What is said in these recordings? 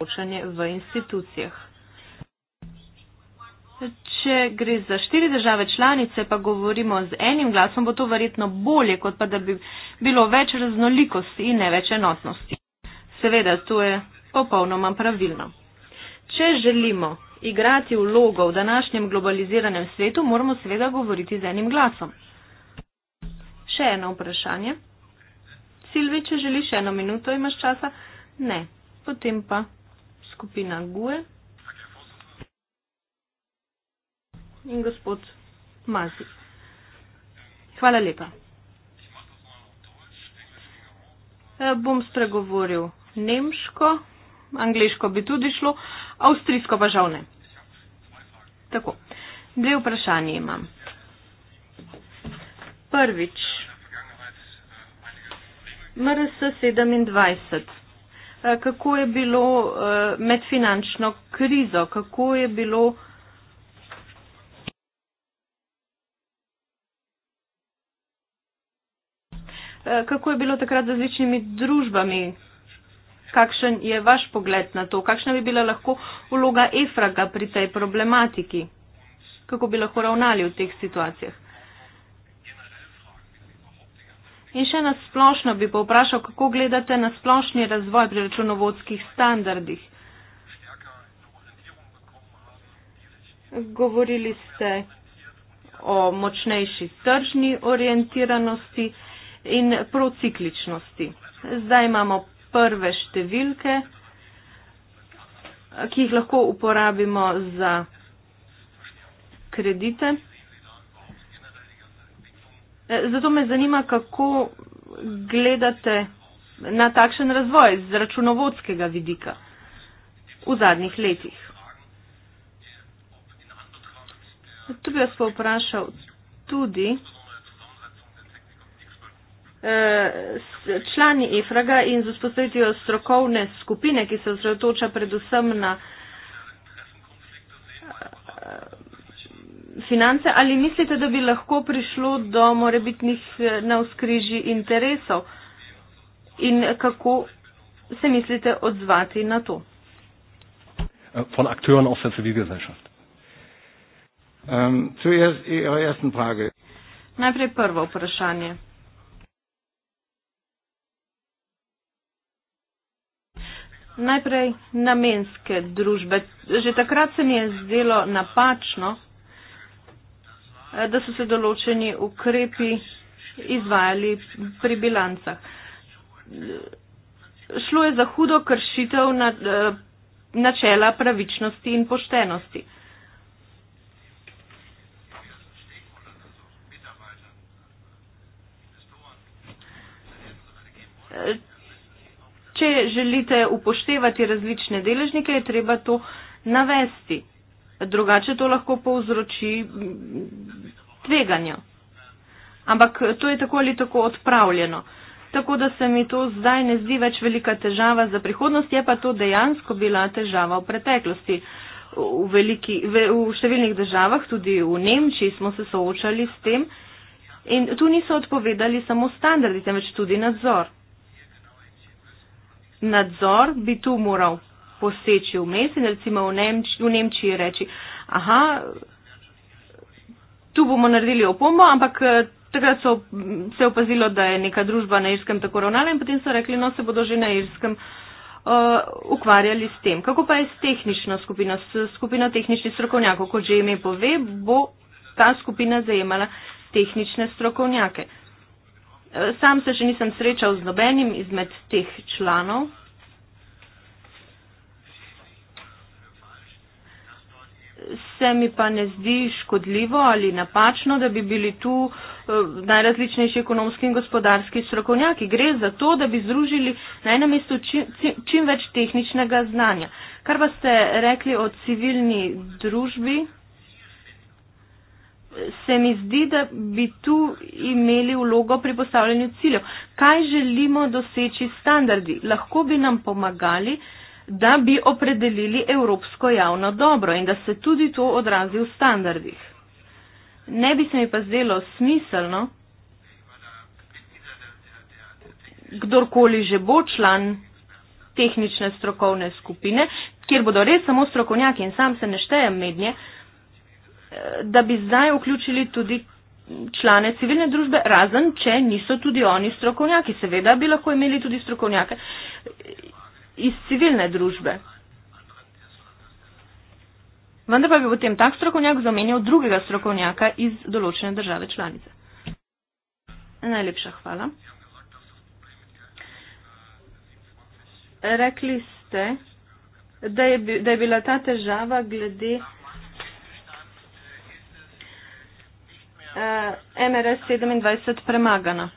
soočanje v institucijah. Če gre za štiri države članice, pa govorimo z enim glasom, bo to verjetno bolje, kot pa da bi bilo več raznolikosti in ne več enotnosti. Seveda, to je popolnoma pravilno. Če želimo igrati vlogo v današnjem globaliziranem svetu, moramo seveda govoriti z enim glasom. Še eno vprašanje. Silvi, če želiš eno minuto, imaš časa? Ne. Potem pa skupina GUE in gospod Mazi. Hvala lepa. E, bom spregovoril nemško, angliško bi tudi šlo, avstrijsko pa žal ne. Tako, dve vprašanje imam. Prvič, MRS 27 Eh, kako je bilo eh, med finančno krizo, kako je bilo. Eh, kako je bilo takrat z različnimi družbami? Kakšen je vaš pogled na to? Kakšna bi bila lahko vloga Efraga pri tej problematiki? Kako bi lahko ravnali v teh situacijah? In še nasplošno bi povprašal, kako gledate na splošni razvoj pri računovodskih standardih. Govorili ste o močnejši tržni orientiranosti in procikličnosti. Zdaj imamo prve številke, ki jih lahko uporabimo za kredite. E, zato me zanima, kako gledate na takšen razvoj z računovodskega vidika v zadnjih letih. Tu bi vas pa vprašal tudi e, člani EFRAG-a in z vzpostavitvijo strokovne skupine, ki se osredotoča predvsem na finance, ali mislite, da bi lahko prišlo do morebitnih eh, navskrižij interesov in kako se mislite odzvati na to? Äh, von Akteuren aus der Zivilgesellschaft. Um, zuerst Ihre erste Frage. Najprej prvo vprašanje. Najprej namenske družbe. Že takrat se mi je zdelo napačno, Eh, da so se določeni ukrepi izvajali pri bilancah. Šlo je za hudo kršitev eh, načela pravičnosti in poštenosti. Eh, če želite upoštevati različne deležnike, je treba to navesti drugače to lahko povzroči tveganja. Ampak to je tako ali tako odpravljeno. Tako da se mi to zdaj ne zdi več velika težava za prihodnost, je pa to dejansko bila težava v preteklosti. V, veliki, v, v številnih državah, tudi v Nemčiji, smo se soočali s tem in tu niso odpovedali samo standardi, temveč tudi nadzor. Nadzor bi tu moral poseči vmes in recimo v, Nemč v Nemčiji reči, aha, tu bomo naredili opombo, ampak eh, takrat so mm, se opazilo, da je neka družba na Irskem tako ravnala in potem so rekli, no se bodo že na Irskem uh, ukvarjali s tem. Kako pa je s tehnično skupino, s skupino tehničnih strokovnjakov, kot že ime pove, bo ta skupina zajemala tehnične strokovnjake. Eh, sam se še nisem srečal z nobenim izmed teh članov, se mi pa ne zdi škodljivo ali napačno, da bi bili tu eh, najrazličnejši ekonomski in gospodarski strokovnjaki. Gre za to, da bi združili na enem mestu čim, čim, čim več tehničnega znanja. Kar pa ste rekli o civilni družbi, se mi zdi, da bi tu imeli vlogo pri postavljanju ciljev. Kaj želimo doseči standardi? Lahko bi nam pomagali, da bi opredelili evropsko javno dobro in da se tudi to odrazi v standardih. Ne bi se mi pa zdelo smiselno, kdorkoli že bo član tehnične strokovne skupine, kjer bodo res samo strokovnjaki in sam se ne štejem mednje, eh, da bi zdaj vključili tudi člane civilne družbe, razen če niso tudi oni strokovnjaki. Seveda bi lahko imeli tudi strokovnjake iz civilne družbe. Vendar pa bi potem tak strokovnjak zamenjal drugega strokovnjaka iz določene države članice. Najlepša hvala. Rekli ste, da je, da je bila ta težava glede uh, MRS 27 premagana.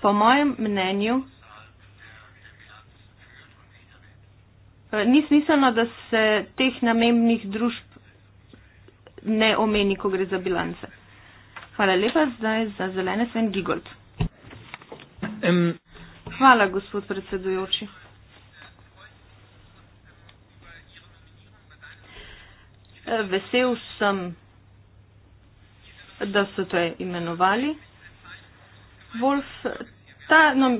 Po mojem mnenju Eh, ni smiselno, da se teh namembnih družb ne omeni, ko gre za bilance. Hvala lepa zdaj za zelene sven Gigold. Um. Hvala, gospod predsedujoči. Eh, vesel sem, da so to imenovali. Wolf, ta, no,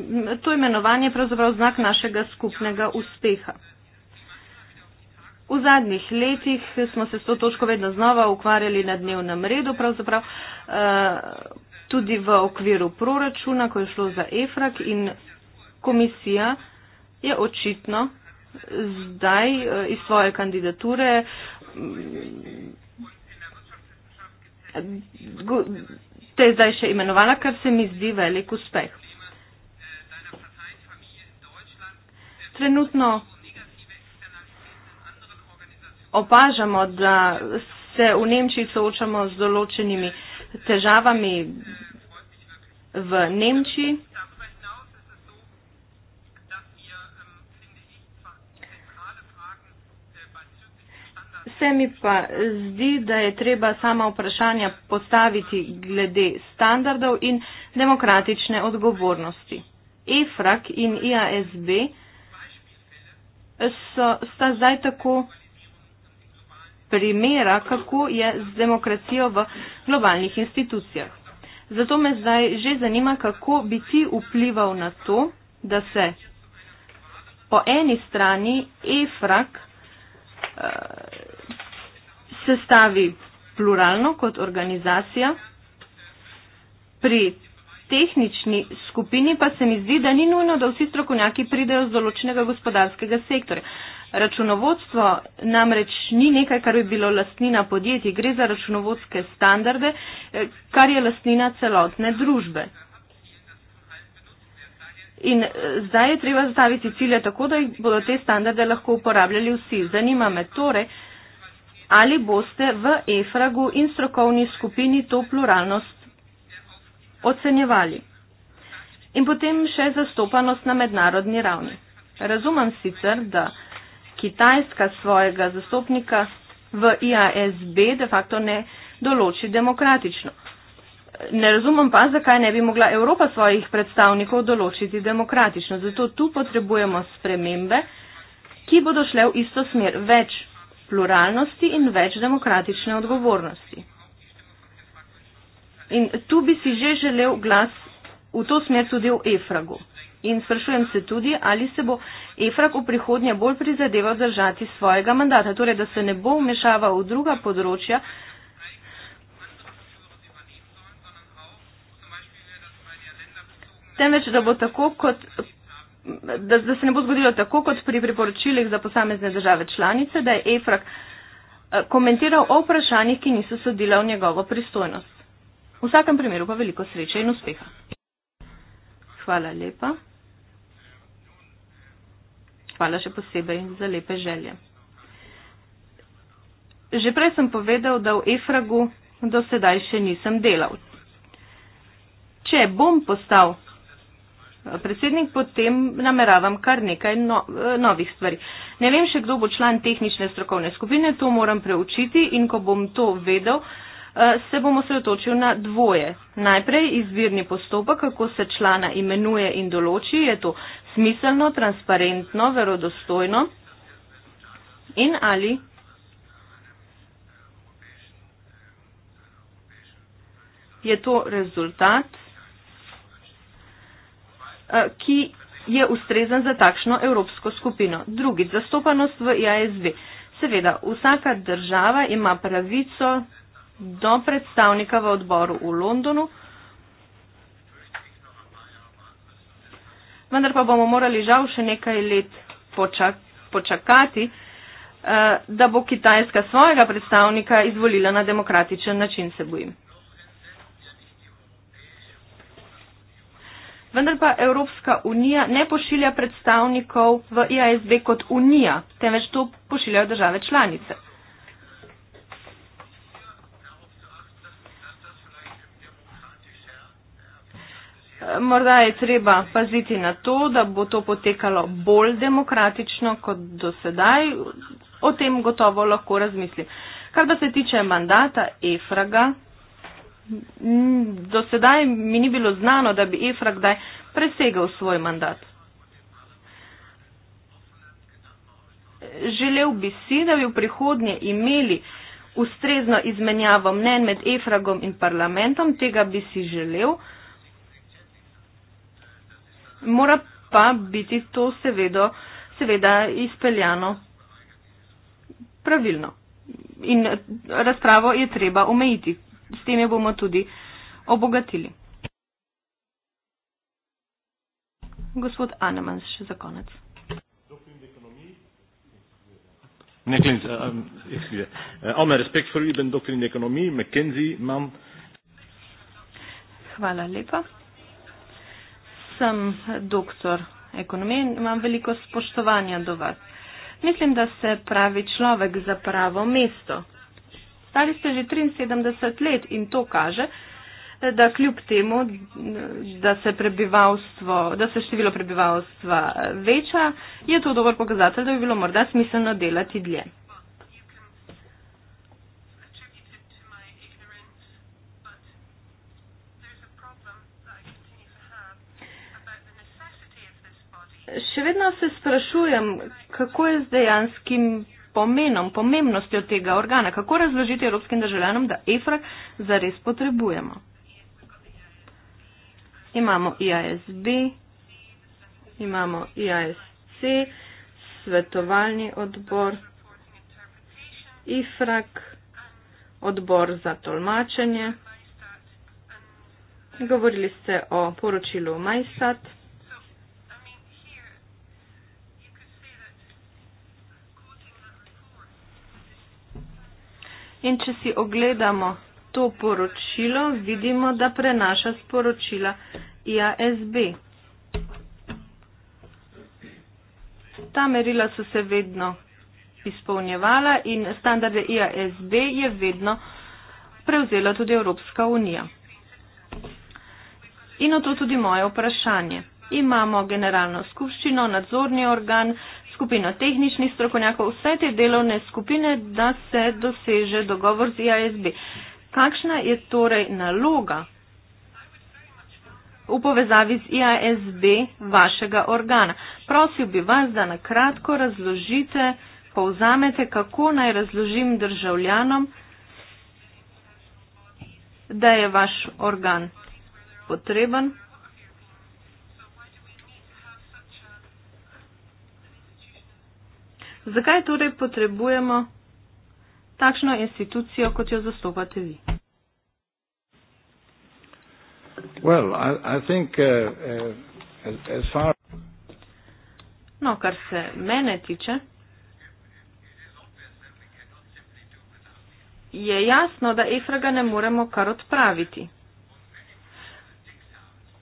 to imenovanje je pravzaprav znak našega skupnega uspeha. V zadnjih letih smo se s to točko vedno znova ukvarjali na dnevnem redu, pravzaprav eh, tudi v okviru proračuna, ko je šlo za EFRAK in komisija je očitno zdaj eh, iz svoje kandidature mm, te je zdaj še imenovala, kar se mi zdi velik uspeh. Trenutno opažamo, da se v Nemčiji soočamo z določenimi težavami v Nemčiji. Se mi pa zdi, da je treba sama vprašanja postaviti glede standardov in demokratične odgovornosti. EFRAK in IASB so, sta zdaj tako primera, kako je z demokracijo v globalnih institucijah. Zato me zdaj že zanima, kako bi ti vplival na to, da se po eni strani EFRAK uh, sestavi pluralno kot organizacija, pri tehnični skupini pa se mi zdi, da ni nujno, da vsi strokovnjaki pridejo z določenega gospodarskega sektorja. Uh, Računovodstvo namreč ni nekaj, kar bi bilo lastnina podjetij, gre za računovodske standarde, eh, kar je lastnina celotne družbe. In eh, zdaj je treba zastaviti cilje tako, da bodo te standarde lahko uporabljali vsi. Zanima me torej, ali boste v EFRAGu in strokovni skupini to pluralnost ocenjevali. In potem še zastopanost na mednarodni ravni. Razumem sicer, da. Kitajska svojega zastopnika v IASB de facto ne določi demokratično. Ne razumem pa, zakaj ne bi mogla Evropa svojih predstavnikov določiti demokratično. Zato tu potrebujemo spremembe, ki bodo šle v isto smer. Več pluralnosti in več demokratične odgovornosti. In tu bi si že želel glas v to smer tudi v EFRAGU. In sprašujem se tudi, ali se bo Efrak v prihodnje bolj prizadeval držati svojega mandata, torej da se ne bo vmešaval v druga področja. Temveč, da, bo tako kot, da, da se ne bo zgodilo tako kot pri priporočilih za posamezne države članice, da je Efrak eh, komentiral o vprašanjih, ki niso sodila v njegovo pristojnost. V vsakem primeru pa veliko sreče in uspeha. Hvala lepa. Hvala še posebej za lepe želje. Že prej sem povedal, da v Efragu do sedaj še nisem delal. Če bom postal eh, predsednik, potem nameravam kar nekaj no, eh, novih stvari. Ne vem še, kdo bo član tehnične strokovne skupine, to moram preučiti in ko bom to vedel, eh, se bom osredotočil na dvoje. Najprej izvirni postopek, kako se člana imenuje in določi, je to smiselno, transparentno, verodostojno in ali je to rezultat, eh, ki je ustrezen za takšno evropsko skupino. Drugi, zastopanost v IASV. Seveda, vsaka država ima pravico do predstavnika v odboru v Londonu, vendar pa bomo morali žal še nekaj let počak, počakati, eh, da bo Kitajska svojega predstavnika izvolila na demokratičen način, se bojim. Vendar pa Evropska unija ne pošilja predstavnikov v IASB e kot unija, temveč to pošiljajo države članice. Morda je treba paziti na to, da bo to potekalo bolj demokratično kot do sedaj. O tem gotovo lahko razmislim. Kar pa se tiče mandata Efraga, do sedaj mi ni bilo znano, da bi Efrag kdaj presegal svoj mandat. Želel bi si, da bi v prihodnje imeli ustrezno izmenjavo mnen med Efragom in parlamentom, tega bi si želel mora pa biti to seveda, seveda izpeljano pravilno. In razpravo je treba omejiti. S tem jo bomo tudi obogatili. Gospod Anemans, še za konec. Neklinc, eh, um, Omer, eh, respekt for you, ben doktor in ekonomiji, McKenzie, imam. Hvala lepa sem doktor ekonomije in imam veliko spoštovanja do vas. Mislim, da se pravi človek za pravo mesto. Stari ste že 73 let in to kaže, da kljub temu, da se, da se število prebivalstva veča, je to dober pokazatelj, da bi bilo morda smiselno delati dlje. še vedno se sprašujem, kako je z dejanskim pomenom, pomembnostjo tega organa, kako razložiti evropskim državljanom, da EFRAK zares potrebujemo. Imamo IASB, imamo IASC, svetovalni odbor, IFRAK, odbor za tolmačenje. Govorili ste o poročilu Majstat. In če si ogledamo to poročilo, vidimo, da prenaša sporočila IASB. Ta merila so se vedno izpolnjevala in standarde IASB je vedno prevzela tudi Evropska unija. In o to tudi moje vprašanje. Imamo generalno skupščino, nadzorni organ, skupino tehničnih strokovnjakov, vse te delovne skupine, da se doseže dogovor z IASB. Kakšna je torej naloga v povezavi z IASB vašega organa? Prosil bi vas, da na kratko razložite, povzamete, kako naj razložim državljanom, da je vaš organ potreben. Zakaj torej potrebujemo takšno institucijo, kot jo zastopate vi? Well, I, I think, uh, uh, far... No, kar se mene tiče, je jasno, da Efraga ne moremo kar odpraviti.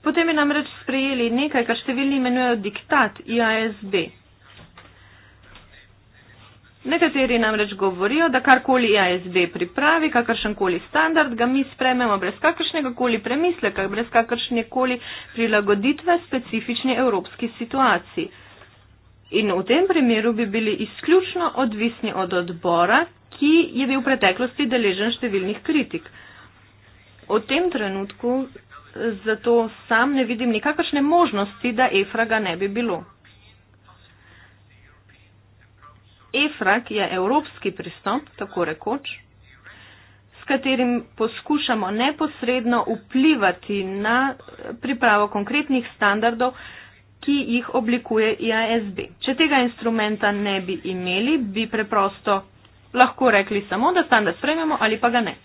Potem je namreč sprejeli nekaj, kar številni imenujejo diktat IASB. Nekateri namreč govorijo, da karkoli ASB pripravi, kakršenkoli standard, ga mi sprememo brez kakršnega koli premisleka, brez kakršne koli prilagoditve specifični evropski situaciji. In v tem primeru bi bili izključno odvisni od odbora, ki je bil v preteklosti deležen številnih kritik. V tem trenutku zato sam ne vidim nikakršne možnosti, da EFRA ga ne bi bilo. Efrak je evropski pristop, tako rekoč, s katerim poskušamo neposredno vplivati na pripravo konkretnih standardov, ki jih oblikuje IASB. Če tega instrumenta ne bi imeli, bi preprosto lahko rekli samo, da standard sprejmemo ali pa ga ne.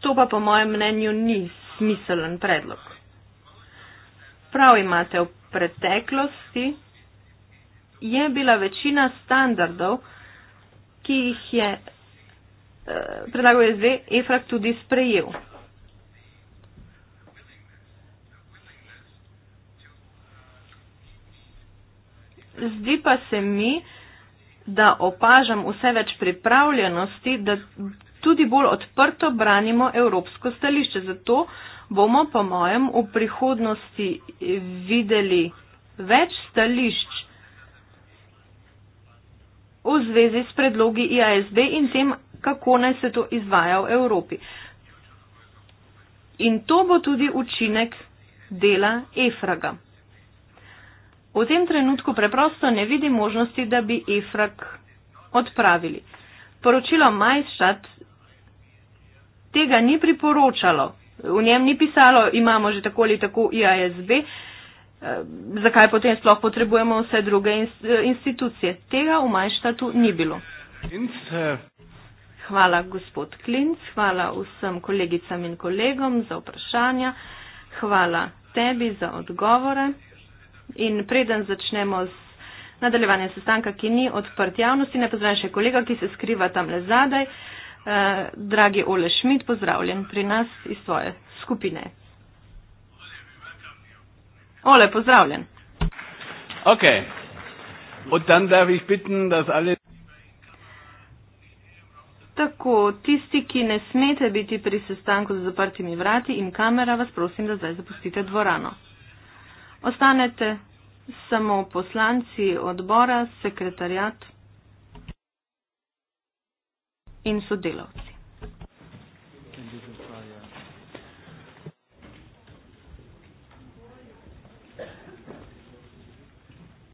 To pa po mojem mnenju ni smiselen predlog. Prav imate v preteklosti je bila večina standardov, ki jih je eh, predlagal SD, EFRAK tudi sprejel. Zdi pa se mi, da opažam vse več pripravljenosti, da tudi bolj odprto branimo evropsko stališče. Zato bomo, po mojem, v prihodnosti videli več stališč v zvezi s predlogi IASB in tem, kako naj se to izvaja v Evropi. In to bo tudi učinek dela EFRAGA. V tem trenutku preprosto ne vidim možnosti, da bi EFRAG odpravili. Poročilo Majščat tega ni priporočalo, v njem ni pisalo, imamo že tako ali tako IASB, eh, zakaj potem sploh potrebujemo vse druge eh, institucije. Tega v majštatu ni bilo. Hvala, gospod Klinc, hvala vsem kolegicam in kolegom za vprašanja, hvala tebi za odgovore. In preden začnemo z nadaljevanjem sestanka, ki ni odprt javnosti, ne pozdravim še kolega, ki se skriva tam le zadaj. Uh, eh, dragi Ole Šmit, pozdravljen pri nas iz tvoje skupine. Ole, pozdravljen. Ok. Od tam darf ich bitten, dass alle. Tako, tisti, ki ne smete biti pri sestanku z zaprtimi vrati in kamera, vas prosim, da zdaj zapustite dvorano. Ostanete samo poslanci odbora, sekretarjat in sodelavci.